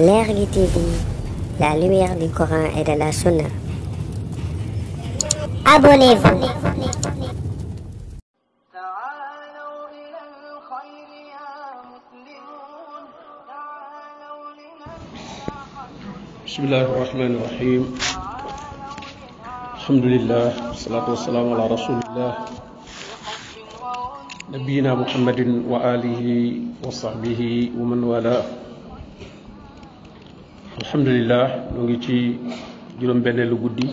L'Ergue TV, la lumière du Coran et de la Sunna. Abonnez-vous. بسم الله الرحمن الرحيم الحمد لله والصلاة والسلام على رسول الله نبينا محمد وآله وصحبه ومن والاه alhamdulillah ñu ngi ci juróom benneelu guddi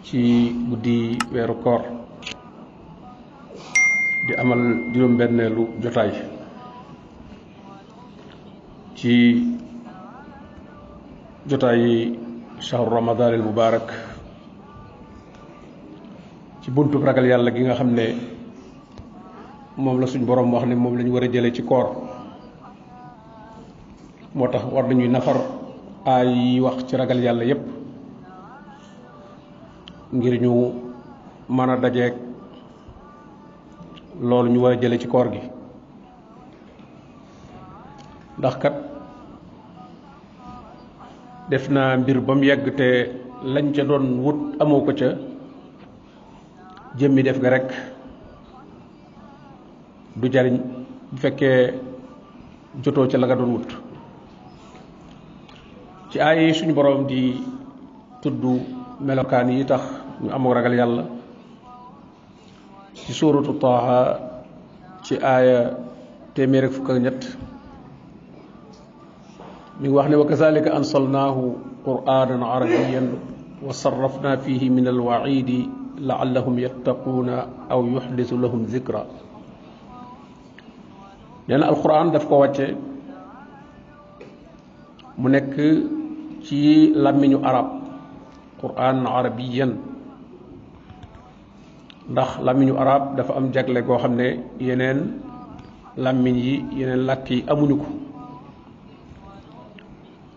ci guddi weeru koor di amal juróom benneelu jotaay ci jotaay shahru ramadan al mubarak ci buntu ragal yàlla gi nga xam ne moom la suñ borom wax ne moom lañu war a ci koor motax war nañuy nafar ay wax ci ragal yalla yépp ngir ñu mëna dajé loolu ñu wara jëlé ci koor gi ndax kat def naa mbir ba mu yegg te lañ ca doon wut amoo ca jëmmi def ga rek du jariñ bu fekkee jotoo ca la nga doon wut ci ay suñu borom di tuddu melokan yi tax ñu amul ragal yàlla ci suratu taaha ci aya temer ak fukk ñet mi wax ne wa kazalika ansalnahu qur'anan arabiyyan wa sarrafna fihi min alwa'id laallahum yattaquna aw yuhdithu lahum dhikra nee na alquran daf ko wàcce mu nekk ci làmmiñu arab quraan arabiyan ndax làmmiñu arab dafa am jagle goo xam ne yeneen làmmiñ yi yeneen làkk yi amuñu ko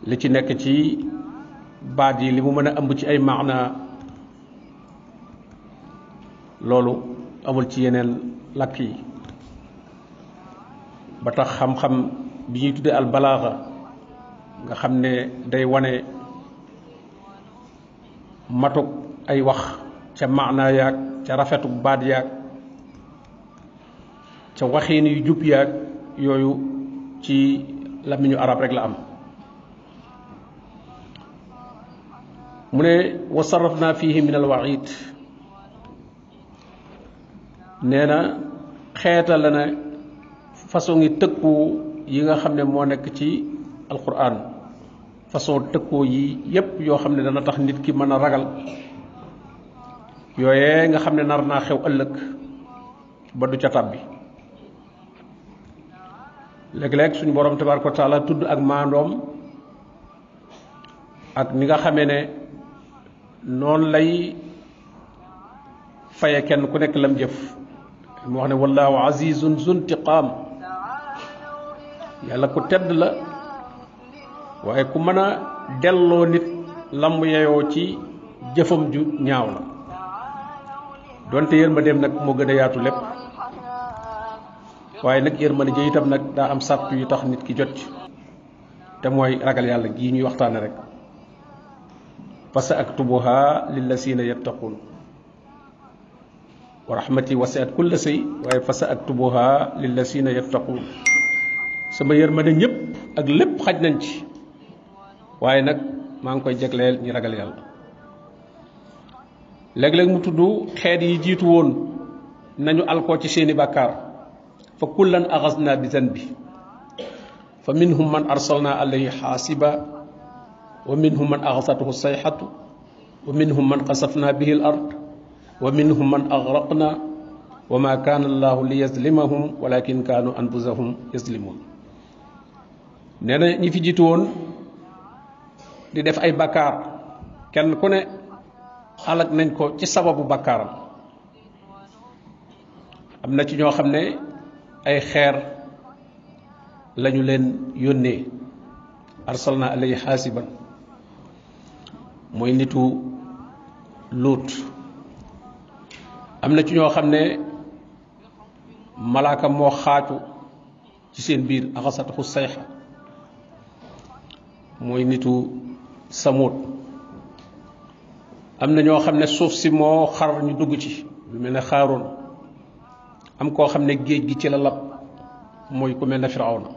li ci nekk ci baat yi li mu mën a ëmb ci ay maana loolu amul ci yeneen làkk yi ba tax xam-xam bi ñuy tuddee albalaaxa nga xam ne day wane matuk ay wax ca maana yaag ca rafetuk baat yaag ca waxiin yu jub yaag yooyu ci lamiñu arab rek la am mu wa sarrafna fihi min alwaid nee na xeetal na façon yi tëkku yi nga xam ne moo nekk ci alquran façon tëkkoo yi yépp yoo xam ne dana tax nit ki mën a ragal yooyee nga xam ne nar naa xew ëllëg ba du ca tàbbi léeg-léeg suñu borom tabaraka wa taala tudd ak maandoom ak ni nga xamee ne noonu lay faye kenn ku nekk lam jëf mu wax ne wallahu azizun zuntiqaam yàlla ku tedd la waaye ku mën a delloo nit lamb yeyoo ci jëfam ju ñaaw la donte yërmandeem nag moo gën a yaatu lépp waaye nag yërmande ji itam nag daa am sàpp yu tax nit ki jot ci te mooy ragal yàlla gii ñuy waxtaane rek fasa aktubuha lillasina yattaqun wa rahmati wasiat kulla shay waaye fasa aktubuha lillasina yattaqun sama yërmande ñëpp ak lépp xaj nañ ci waaye nag maa ngi koy jagleel ñu ragal yàlla léeg-léeg mu tudd xeet yi jiitu woon nañu alkoo ci seeni bàkkaar fa kullan axasna bi zanbi fa minhum man arsalna alayhi xaasiba wa minhum man axasatuhu sayxatu wa minhum man xasafna bihi al ard wa minhum man axraqna wa ma kaana allahu li yazlimahum walakin kaanu anfusahum yazlimun nee na ñi fi jiitu woon di def ay bakkaar kenn ku ne xalaat nañ ko ci sababu bakkaaram am na ci ñoo xam ne ay xeer lañu leen yónnee arsalna alayhi xaasiban mooy nitu luut am na ci ñoo xam ne malaakam moo xaaju ci seen biir axasat xu sayxa mooy nitu sa samut am na ñoo xam ne suuf si moo xar ñu dugg ci lu mel ne xaaroon am koo xam ne géej gi ci la lab mooy ku mel ne firawna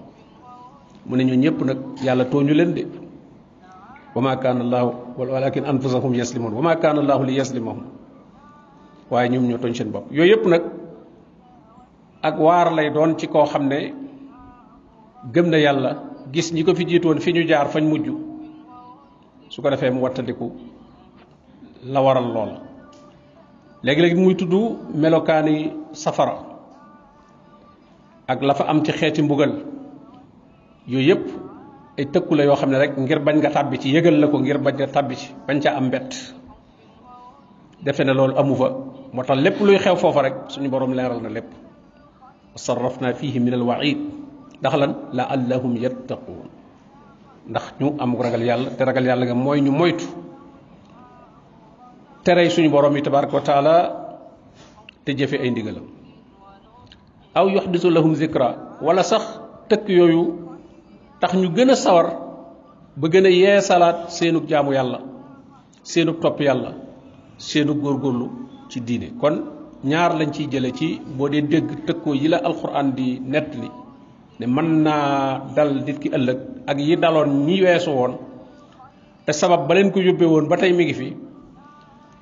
mu ne ñu ñëpp nag yàlla too ñu leen de wa ma kaana allaahu walakin anfusahum yaslimoon wa ma kaana allaahu li yaslimahum waaye ñoom ñoo tooñ seen bopp yooyu yëpp nag ak waar lay doon ci koo xam ne gëm na yàlla gis ñi ko fi jiitoon fi ñu jaar fañ mujj su ko defee mu wattandiku la waral loola léegi-léegi muy tudd melokaani safara ak la fa am ci xeeti mbugal yooyu yëpp ay tëkku la yoo xam ne rek ngir bañ nga tàbbi ci yëgal la ko ngir bañ nga tàbbi ci bañ ca am mbett defe ne loolu amu fa moo tax lépp luy xew foofa rek suñu borom leeral na lépp wa sarrafna fihi min alwaid ndax lan la allahum yattaquun ndax ñu am ragal yàlla te ragal yàlla nga mooy ñu moytu terey suñu borom yi tabaraka wa te jëfe ay ndigalam aw yuxdisu lahum zikra wala sax tëkk yooyu tax ñu gën a sawar ba gën yee salaat seenug jaamu yàlla seenug topp yàlla seenug góorlu ci diine kon ñaar lañ ciy jële ci boo dee dégg tëkkoo yi la alquran di nettali ne man na dal nit ki ëllëg ak yi daloon ñi weesu woon te sabab ba leen ko yóbbee woon ba tey mi ngi fi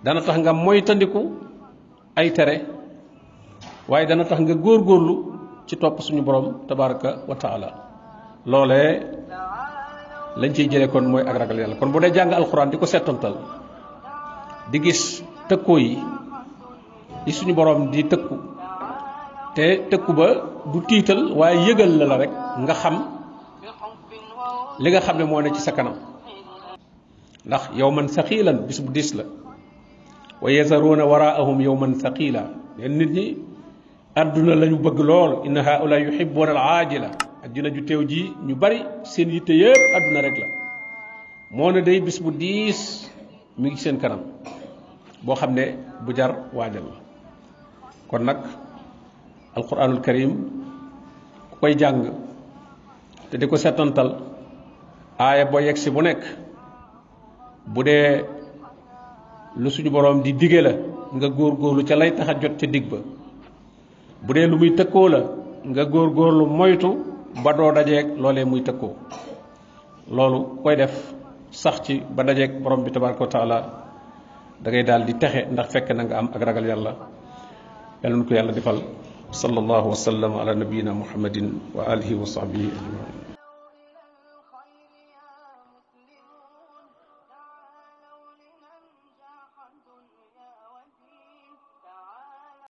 dana tax nga moytandiku ay tere waaye dana tax nga góorgóorlu ci topp suñu borom tabaraka wa taala loolee lañ ciy jëlee kon mooy ak ragal yàlla kon bu dee jàng alquran di ko settantal di gis tëkkoo yi suñu borom di tëkku te tëkku ba du tiital waaye yëgal la la rek nga xam li nga xam ne moo ne ci sa kanam ndax yow man saqiilan bis bu diis la wa yazaruuna waraahum yow man saqiila leen nit ñi àdduna lañu bëgg lool inna haula yuhibuuna al aajila àdduna ju teew ji ñu bari seen yitte yëpp àdduna rek la moo ne day bis bu diis mi ngi seen kanam boo xam ne bu jar waajal la kon nag alquranul karim ku koy jàng te di ko setantal aaya boo yegg si bu nekk bu dee lu suñu boroom di dige la nga góor góorlu ca lay tax a jot ca dig ba bu dee lu muy tëkkoo la nga góor góorlu moytu ba doo dajeeg loolee muy tëkkoo loolu koy def sax ci ba dajeeg borom bi tabaraka wa taala dangay daal di texe ndax fekk na nga am ak ragal yàlla yàlla ko yàlla defal صلى الله وسلم على نبينا محمد وآله وصحبه أجمعين